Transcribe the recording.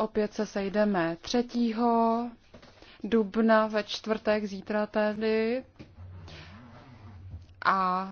opět se sejdeme 3. dubna ve čtvrtek zítra tedy a